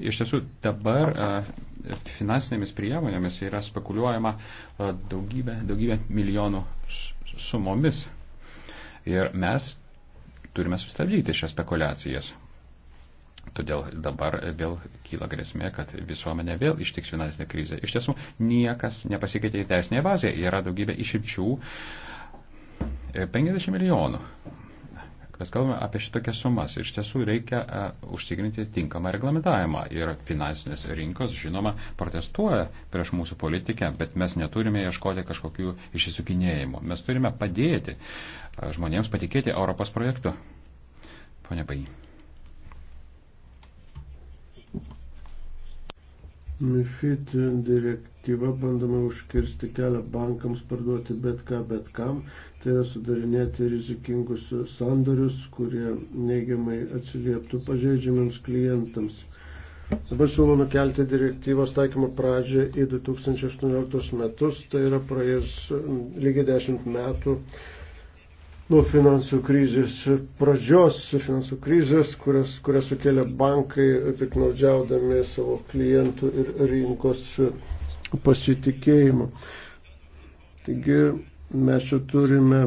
iš tiesų dabar e, finansinėmis priemonėmis yra spekuliuojama e, daugybė, daugybė milijonų sumomis. Ir mes turime sustabdyti šias spekulacijas. Todėl dabar vėl kyla grėsmė, kad visuomenė vėl ištiks finansinė krizė. Iš tiesų, niekas nepasikeitė į teisinėje bazėje. Yra daugybė išimčių. 50 e, milijonų Mes kalbame apie šitokias sumas. Iš tiesų reikia uh, užtikrinti tinkamą reglamentavimą. Ir finansinės rinkos, žinoma, protestuoja prieš mūsų politikę, bet mes neturime ieškoti kažkokių išsisukinėjimų. Mes turime padėti uh, žmonėms patikėti Europos projektu. Pone Pai. MIFID direktyva bandoma užkirsti kelią bankams parduoti bet ką, bet kam, tai yra sudarinėti rizikingus sandorius, kurie neigiamai atsilieptų pažeidžiamiams klientams. Dabar siūlau nukelti direktyvos taikymo pradžią į 2018 metus, tai yra praėjus lygiai 10 metų nuo finansų krizės pradžios, finansų krizės, kurias, kurias sukėlė bankai, piknaudžiaudami savo klientų ir rinkos pasitikėjimą. Taigi mes čia turime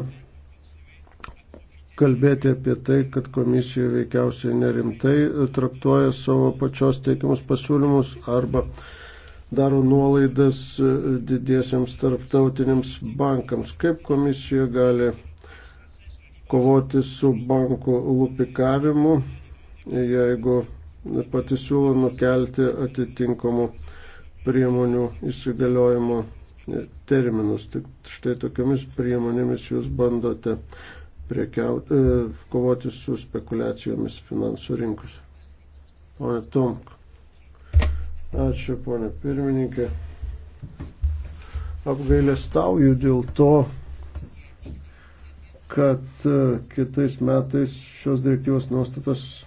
kalbėti apie tai, kad komisija veikiausiai nerimtai traktuoja savo pačios teikiamus pasiūlymus arba daro nuolaidas didiesiams tarptautiniams bankams. Kaip komisija gali kovoti su bankų lupikavimu, jeigu pati siūlo nukelti atitinkamų priemonių įsigaliojimo terminus. Tik štai tokiamis priemonėmis jūs bandote priekiauti, e, kovoti su spekulacijomis finansų rinkose. Pone Tomk. Ačiū, ponė pirmininkė. Apgailestauju dėl to, kad e, kitais metais šios direktyvos nuostatos,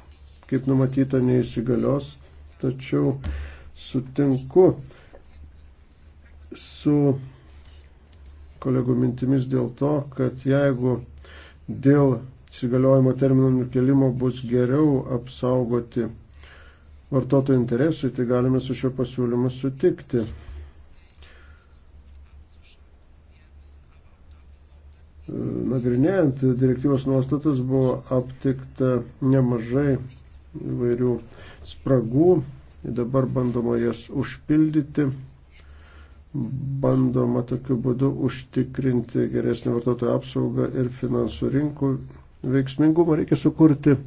kaip numatyta, neįsigalios, tačiau sutinku su kolegų mintimis dėl to, kad jeigu dėl įsigaliojimo terminų nukelimo bus geriau apsaugoti vartotojų interesai, tai galime su šiuo pasiūlymu sutikti. nagrinėjant direktyvos nuostatus buvo aptikta nemažai įvairių spragų, dabar bandoma jas užpildyti, bandoma tokiu būdu užtikrinti geresnį vartotojų apsaugą ir finansų rinkų veiksmingumą, reikia sukurti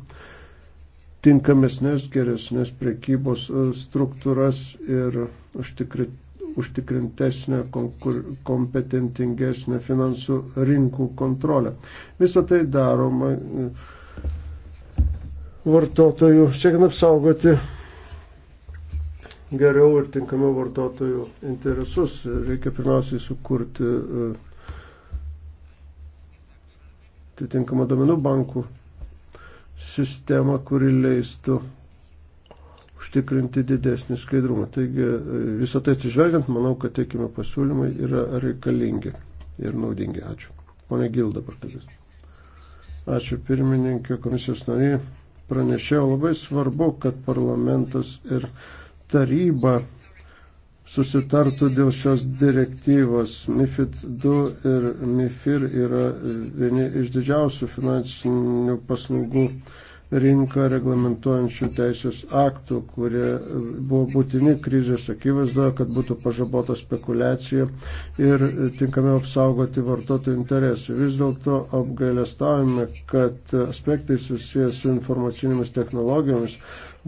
tinkamesnės, geresnės prekybos struktūras ir užtikrinti užtikrintesnę, konkur, kompetentingesnę finansų rinkų kontrolę. Visą tai daroma e, vartotojų, siekiant apsaugoti geriau ir tinkamiau vartotojų interesus. Reikia pirmiausiai sukurti e, atitinkamą domenų bankų sistemą, kuri leistų užtikrinti didesnį skaidrumą. Taigi visą tai atsižvelgiant, manau, kad teikime pasiūlymai yra reikalingi ir naudingi. Ačiū. Pone Gil dabar kalbės. Ačiū pirmininkė, komisijos nariai. Pranešėjo labai svarbu, kad parlamentas ir taryba susitartų dėl šios direktyvos. MIFID 2 ir MIFIR yra vieni iš didžiausių finansinių paslaugų rinką reglamentuojančių teisės aktų, kurie buvo būtini krizės akivaizdoje, kad būtų pažabota spekulacija ir tinkamiau apsaugoti vartotojų interesų. Vis dėlto apgailestavime, kad aspektai susijęs su informacinėmis technologijomis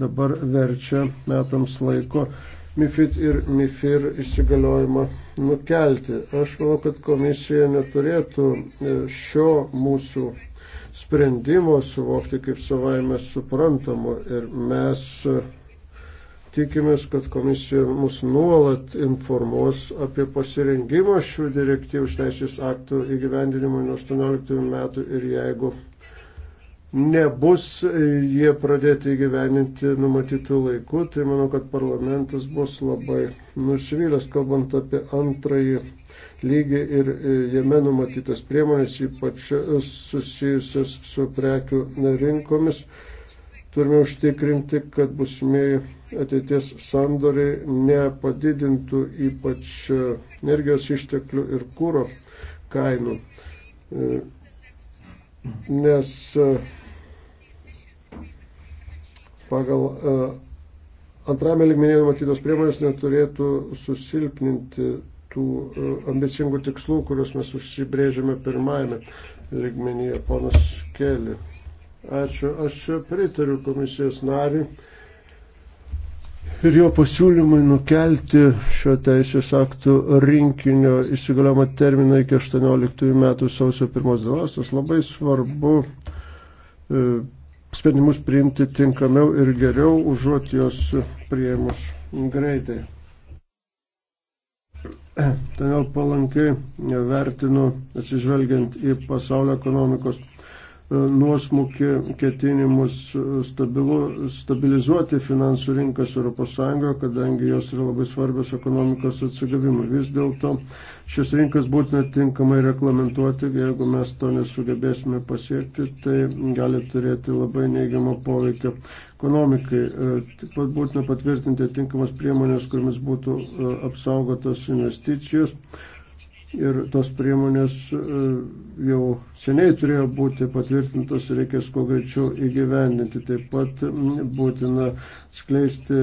dabar verčia metams laiko MIFID ir MIFIR įsigaliojimą nukelti. Aš manau, kad komisija neturėtų šio mūsų sprendimo suvokti kaip savaime suprantamu. Ir mes e, tikimės, kad komisija mus nuolat informuos apie pasirengimą šių direktyvų teisės aktų įgyvendinimui nuo 18 metų ir jeigu nebus e, jie pradėti įgyveninti numatytų laikų, tai manau, kad parlamentas bus labai nusivylęs, kalbant apie antrąjį lygį ir e, jame numatytas priemonės, ypač e, susijusias su prekių rinkomis. Turime užtikrinti, kad busimieji ateities sandoriai nepadidintų ypač e, energijos išteklių ir kūro kainų. Nes pagal antrame ligmenyje numatytos priemonės neturėtų susilpninti tų e, ambicingų tikslų, kuriuos mes užsibrėžėme pirmajame ligmenyje, ponas Keli. Ačiū. Aš pritariu komisijos nariui ir jo pasiūlymui nukelti šio teisės aktų rinkinio įsigaliojimo terminą iki 18 metų sausio 1 dienos. Tas labai svarbu e, sprendimus priimti tinkamiau ir geriau, užuot jos prieimus greitai. *clears throat* Todėl palankiai vertinu, atsižvelgiant į pasaulio ekonomikos e, nuosmukį, ketinimus stabilu, stabilizuoti finansų rinkas ES, kadangi jos yra labai svarbios ekonomikos atsigavimui. Vis dėlto Šios rinkas būtina tinkamai reglamentuoti, jeigu mes to nesugebėsime pasiekti, tai gali turėti labai neigiamą poveikį ekonomikai. E, taip pat būtina patvirtinti tinkamas priemonės, kuriamis būtų e, apsaugotos investicijos. Ir tos priemonės e, jau seniai turėjo būti patvirtintos ir reikės kuo greičiau įgyvendinti. Taip pat būtina skleisti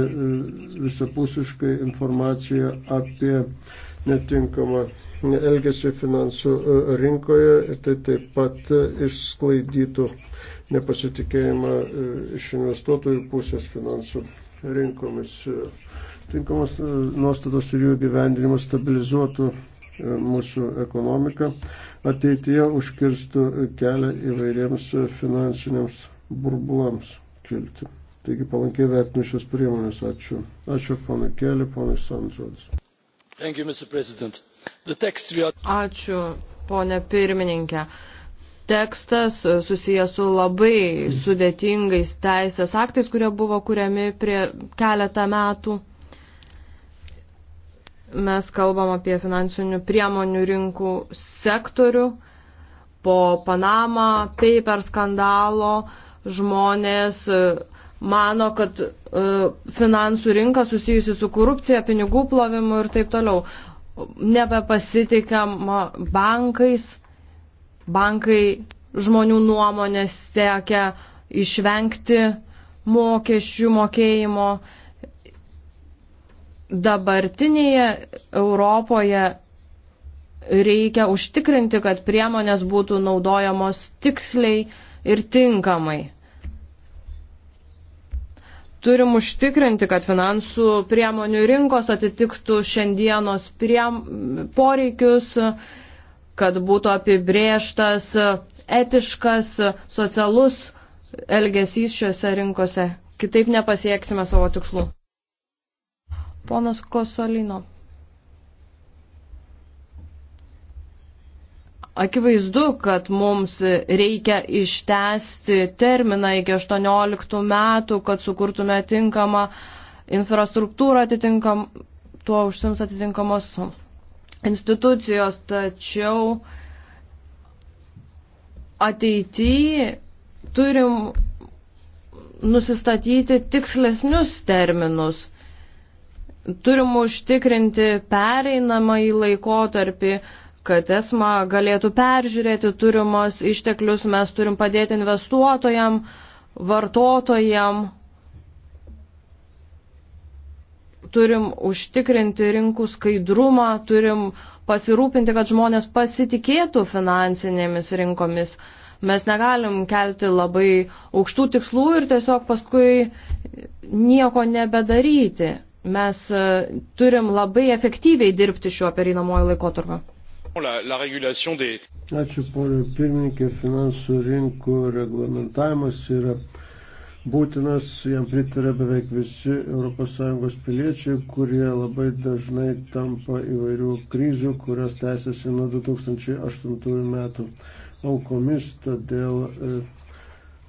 visapusiškai informaciją apie uh, netinkamą elgesį finansų e, rinkoje ir tai taip pat išsklaidytų nepasitikėjimą e, iš investuotojų pusės finansų rinkomis. E, tinkamos nuostatos ir jų gyvendinimas stabilizuotų mūsų ekonomiką, ateityje užkirstų kelią įvairiems finansiniams burbulams kilti. Taigi palankiai vertinu šios priemonės. Ačiū. Ačiū ponui Keliu, ponui Sandžodis. Ačiū, ponė pirmininkė. Tekstas e, susijęs su labai sudėtingais teisės aktais, kurie buvo kuriami prie keletą metų. Mes kalbam apie finansinių priemonių rinkų sektorių. Po Panama paper skandalo žmonės uh, mano, kad e, finansų rinka susijusi su korupcija, pinigų plovimu ir taip toliau. Nebepasitikama bankais, bankai žmonių nuomonės siekia išvengti mokesčių mokėjimo. Dabartinėje Europoje reikia užtikrinti, kad priemonės būtų naudojamos tiksliai ir tinkamai. Turim užtikrinti, kad finansų priemonių rinkos atitiktų šiandienos priem, poreikius, kad būtų apibrėžtas etiškas, socialus elgesys šiuose rinkose. Kitaip nepasieksime savo tikslų. Ponas Kosolino. Akivaizdu, kad mums reikia ištesti terminą iki 18 metų, kad sukurtume tinkamą infrastruktūrą atitinkam, tuo užsims atitinkamos institucijos, tačiau ateityje turim nusistatyti tikslesnius terminus. Turim užtikrinti pereinamą į laikotarpį, kad esma galėtų peržiūrėti turimos išteklius, mes turim padėti investuotojam, vartotojam, turim užtikrinti rinkų skaidrumą, turim pasirūpinti, kad žmonės pasitikėtų finansinėmis rinkomis. Mes negalim kelti labai aukštų tikslų ir tiesiog paskui nieko nebedaryti. Mes e, turim labai efektyviai dirbti šiuo perinamojo laikotarpiu. Ačiū, ponio pirmininkė, finansų rinkų reglamentavimas yra būtinas, jam pritarė beveik visi ES piliečiai, kurie labai dažnai tampa įvairių kryžių, kurios tęsiasi nuo 2008 metų aukomis, todėl e,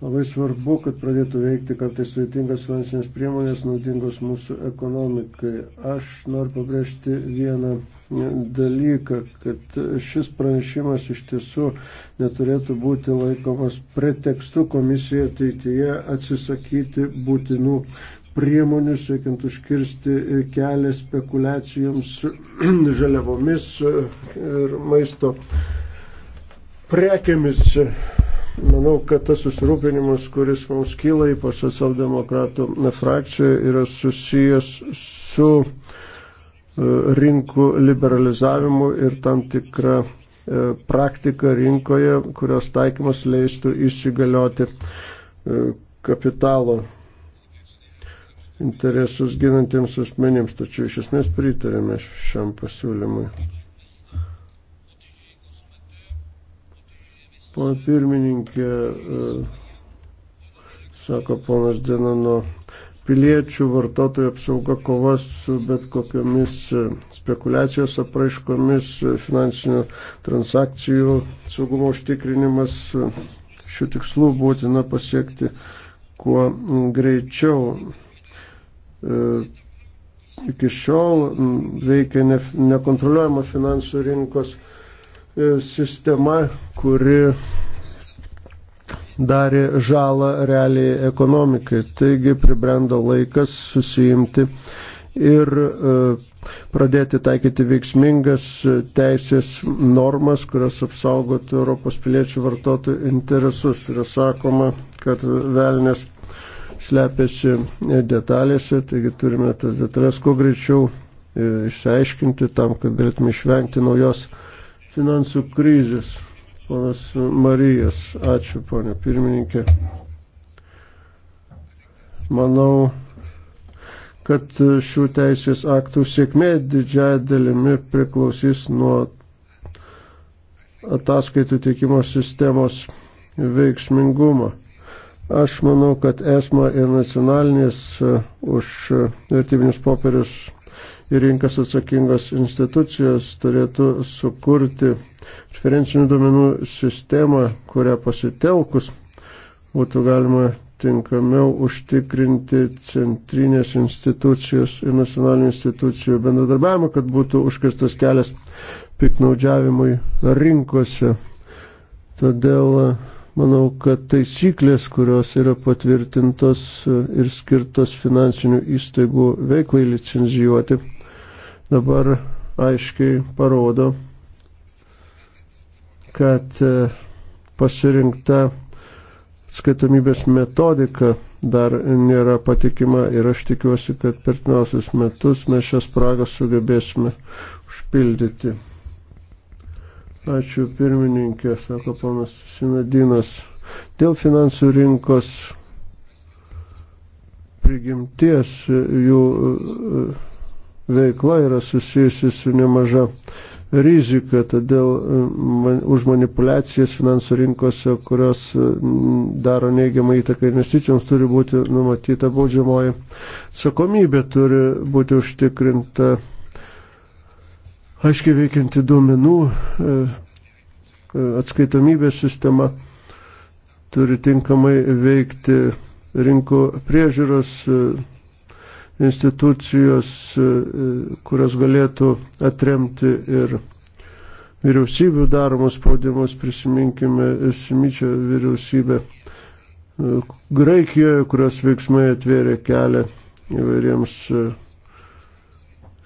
Labai svarbu, kad pradėtų veikti kartais sudėtingas finansinės priemonės naudingos mūsų ekonomikai. Aš noriu pabrėžti vieną dalyką, kad šis pranešimas iš tiesų neturėtų būti laikomas pretekstu komisija ateityje atsisakyti būtinų priemonių, siekiant užkirsti kelią spekulacijoms *clears throat* žaliavomis ir maisto prekiamis. Manau, kad tas susirūpinimas, kuris mums kyla, ypač socialdemokratų frakcijoje, yra susijęs su uh, E, rinkų liberalizavimu ir tam tikra e, praktika rinkoje, kurios taikymas leistų įsigalioti e, kapitalo interesus ginantiems asmenims, tačiau iš esmės pritarėme šiam pasiūlymui. Pana pirmininkė, sako ponas Denano, piliečių vartotojų apsauga kovas su bet kokiamis e, spekulacijos apraiškomis, e, finansinių transakcijų saugumo užtikrinimas. E, šių tikslų būtina pasiekti kuo greičiau. Iki šiol veikia nekontroliuojama finansų rinkos sistema, kuri darė žalą realiai ekonomikai. Taigi pribrendo laikas susijimti ir e, pradėti taikyti veiksmingas teisės normas, kurios apsaugotų Europos piliečių vartotojų interesus. Yra sakoma, kad velnės slepiasi detalėse, taigi turime tas detalės kuo greičiau e, išsiaiškinti tam, kad galėtume išvengti naujos finansų krizės. Ponas Marijas, ačiū ponė pirmininkė. Manau, kad šių teisės aktų sėkmė didžiai dalimi priklausys nuo ataskaitų teikimo sistemos veiksmingumo. Aš manau, kad ESMA ir nacionalinės e, už e, vertybinius popierius ir rinkas atsakingos institucijos turėtų sukurti referencinių duomenų sistemą, kurią pasitelkus būtų galima tinkamiau užtikrinti centrinės institucijos ir nacionalinių institucijų bendradarbiavimą, kad būtų užkirstas kelias piknaudžiavimui rinkose. Todėl manau, kad taisyklės, kurios yra patvirtintos ir skirtos finansinių įstaigų veiklai licenzijuoti, dabar aiškiai parodo, kad e, pasirinkta skaitomybės metodika dar nėra patikima ir aš tikiuosi, kad per pirmiausius metus mes šią spragą sugebėsime užpildyti. Ačiū pirmininkė, sako ponas Sinadinas. Dėl finansų rinkos prigimties jų e, veikla yra susijusi su nemaža rizika, todėl e, man, už manipulacijas finansų rinkose, kurios e, daro neigiamą įtaką investicijoms, turi būti numatyta baudžiamoji atsakomybė, turi būti užtikrinta aiškiai veikianti duomenų e, atskaitomybės sistema, turi tinkamai veikti rinkų priežiūros institucijos, e, e, kurios galėtų atremti ir vyriausybių daromus spaudimus, prisiminkime Simičio vyriausybę e, Graikijoje, kurios veiksmai atvėrė kelią įvairiems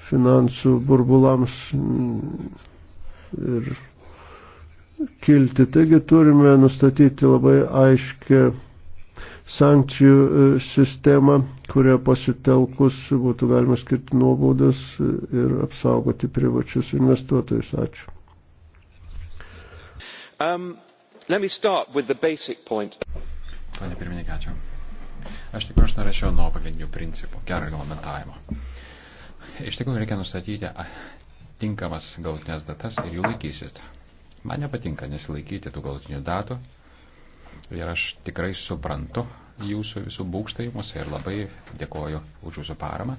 finansų burbulams mm, ir kilti. Taigi turime nustatyti labai aiškę sankcijų sistemą kurią pasitelkus būtų galima skirti nuobaudas ir apsaugoti privačius investuotojus. Ačiū. Um, Pane pirmininkai, ačiū. Aš tikrai aš norėčiau nuo pagrindinių principų, gerą reglamentavimą. Iš tikrųjų reikia nustatyti tinkamas galutinės datas ir jų laikysit. Man nepatinka nesilaikyti tų galutinių datų ir aš tikrai suprantu, jūsų visų būkštajimus ir labai dėkoju už jūsų paramą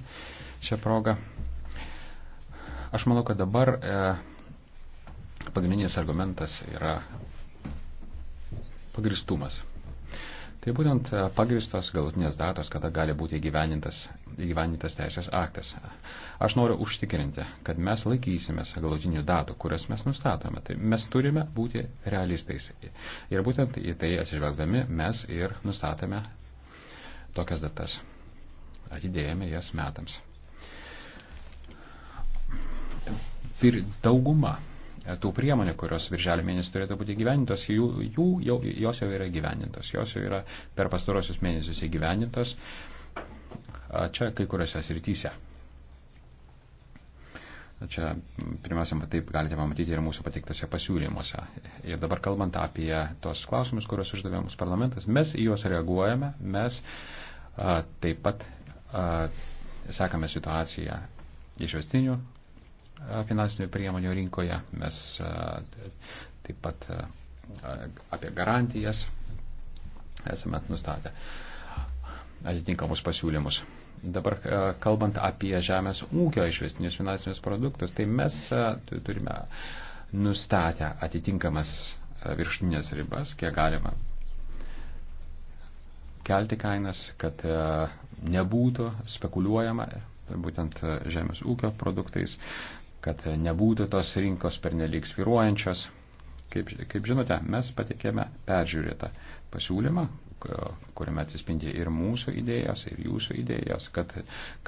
šią progą. Aš manau, kad dabar e, pagrindinis argumentas yra pagristumas. Tai būtent e, pagristos galutinės datos, kada gali būti įgyvendintas, įgyvendintas teisės aktas. Aš noriu užtikrinti, kad mes laikysimės galutinių datų, kurias mes nustatome. Tai mes turime būti realistais. Ir būtent į tai atsižvelgdami mes ir nustatome tokias datas. Atidėjome jas metams. Ir dauguma tų priemonių, kurios virželio mėnesį turėtų būti gyvenintos, jų, jų jau, jos jau yra gyvenintos, jos jau yra per pastarosius mėnesius įgyvenintos čia kai kuriuose srityse. Čia pirmiausia, taip galite pamatyti ir mūsų pateiktose pasiūlymuose. Ir dabar kalbant apie tos klausimus, kuriuos uždavė mūsų parlamentas, mes į juos reaguojame, mes a, taip pat a, sekame situaciją išvestinių finansinių priemonių rinkoje, mes taip pat apie garantijas esame nustatę atitinkamus pasiūlymus. Dabar kalbant apie žemės ūkio išvestinius finansinius produktus, tai mes turime nustatę atitinkamas viršutinės ribas, kiek galima kelti kainas, kad nebūtų spekuliuojama būtent žemės ūkio produktais kad nebūtų tos rinkos pernelyg sviruojančios. Kaip, kaip žinote, mes patikėme peržiūrėtą pasiūlymą, kuriame atsispindi ir mūsų idėjos, ir jūsų idėjos, kad,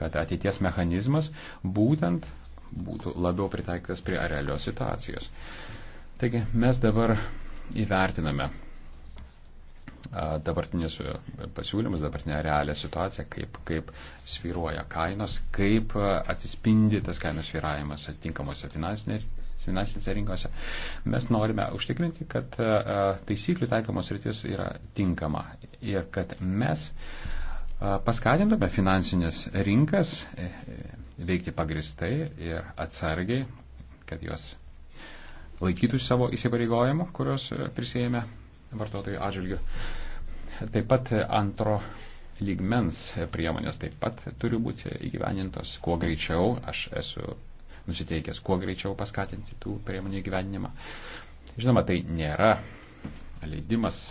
kad ateities mechanizmas būtent būtų labiau pritaiktas prie realios situacijos. Taigi mes dabar įvertiname dabartinis pasiūlymas, dabartinė realią situaciją, kaip, kaip sviruoja kainos, kaip atsispindi tas kainos sviravimas atitinkamuose finansinėse rinkose. Mes norime užtikrinti, kad taisyklių taikomos rytis yra tinkama ir kad mes paskatintume finansinės rinkas e, e, veikti pagristai ir atsargiai, kad jos laikytųsi savo įsipareigojimų, kurios prisėmė vartotojų atžvilgių. Taip pat antro lygmens priemonės taip pat turi būti įgyvenintos kuo greičiau. Aš esu nusiteikęs kuo greičiau paskatinti tų priemonių įgyveninimą. Žinoma, tai nėra leidimas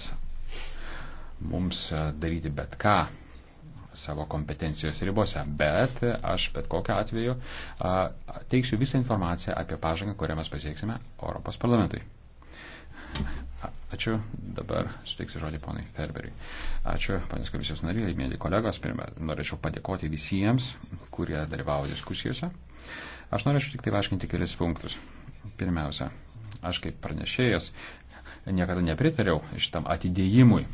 mums daryti bet ką savo kompetencijos ribose, bet aš bet kokiu atveju teiksiu visą informaciją apie pažangą, kurią mes pasieksime Europos parlamentui. Ačiū. Dabar suteiksiu žodį ponai Ferberiui. Ačiū, panės komisijos nariai, mėly kolegos. Pirmia, norėčiau padėkoti visiems, kurie dalyvavo diskusijose. Aš norėčiau tik tai aiškinti kelis punktus. Pirmiausia, aš kaip pranešėjas niekada nepritariau šitam atidėjimui.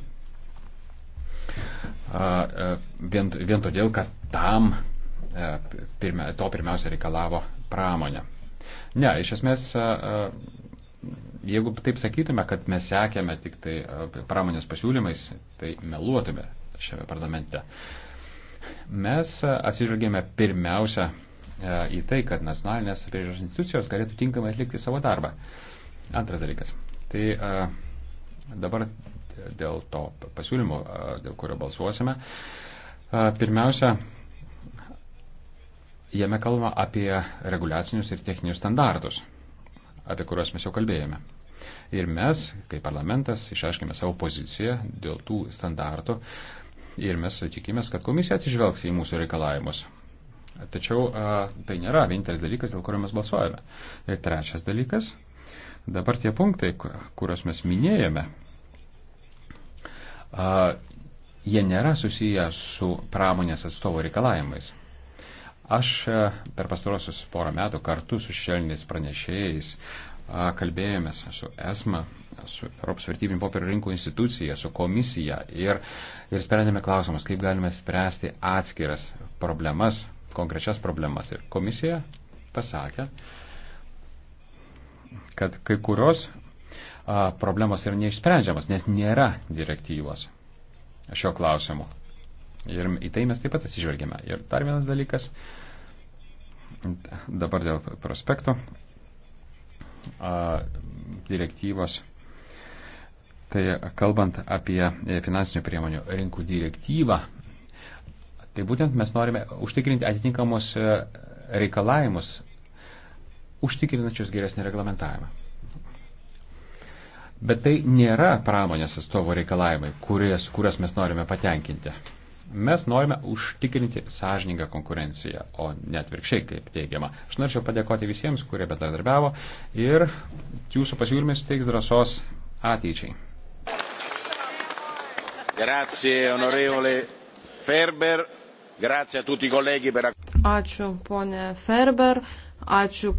E, vien, vien todėl, kad tam e, pirmia, to pirmiausia reikalavo pramonė. Ne, iš esmės jeigu taip sakytume, kad mes sekėme tik tai e, pramonės pasiūlymais, tai meluotume šiame parlamente. Mes e, atsižvelgėme pirmiausia e, į tai, kad nacionalinės priežiūros institucijos galėtų tinkamai atlikti savo darbą. Antras dalykas. Tai dabar dėl to pasiūlymo, dėl kurio balsuosime. Pirmiausia, jame kalbama apie reguliacinius ir techninius standartus apie kuriuos mes jau kalbėjome. Ir mes, kaip parlamentas, išaiškime savo poziciją dėl tų standartų ir mes tikimės, kad komisija atsižvelgs į mūsų reikalavimus. Tačiau a, tai nėra vienintelis dalykas, dėl kurio mes balsuojame. Ir trečias dalykas, dabar tie punktai, kuriuos mes minėjome, a, jie nėra susiję su pramonės atstovo reikalavimais. Aš e, per pastarosius porą metų kartu su šelniais pranešėjais kalbėjomės su ESMA, su Europos vertybinio popierio rinkų institucija, su komisija ir, ir sprendėme klausimus, kaip galime spręsti atskiras problemas, konkrečias problemas. Ir komisija pasakė, kad kai kurios a, problemos yra neišsprendžiamos, nes nėra direktyvos šio klausimu. Ir į tai mes taip pat atsižvelgėme. Ir dar vienas dalykas. A, Dabar dėl prospekto direktyvos. Tai kalbant apie e, finansinių priemonių rinkų direktyvą, tai būtent mes norime užtikrinti atitinkamus e, reikalavimus, užtikrinančius geresnį reglamentavimą. Bet tai nėra pramonės atstovų reikalavimai, kurias, kurias mes norime patenkinti. Mes norime užtikrinti sąžininką konkurenciją, o net virkščiai, kaip teigiama. Aš norėčiau padėkoti visiems, kurie bendradarbiavo ir jūsų pasiūlymės teiks drąsos ateičiai. Grazie, onorevole Ferber. Grazie a tutti i colleghi per. Ačiū, ponė Ferber. Ačiū.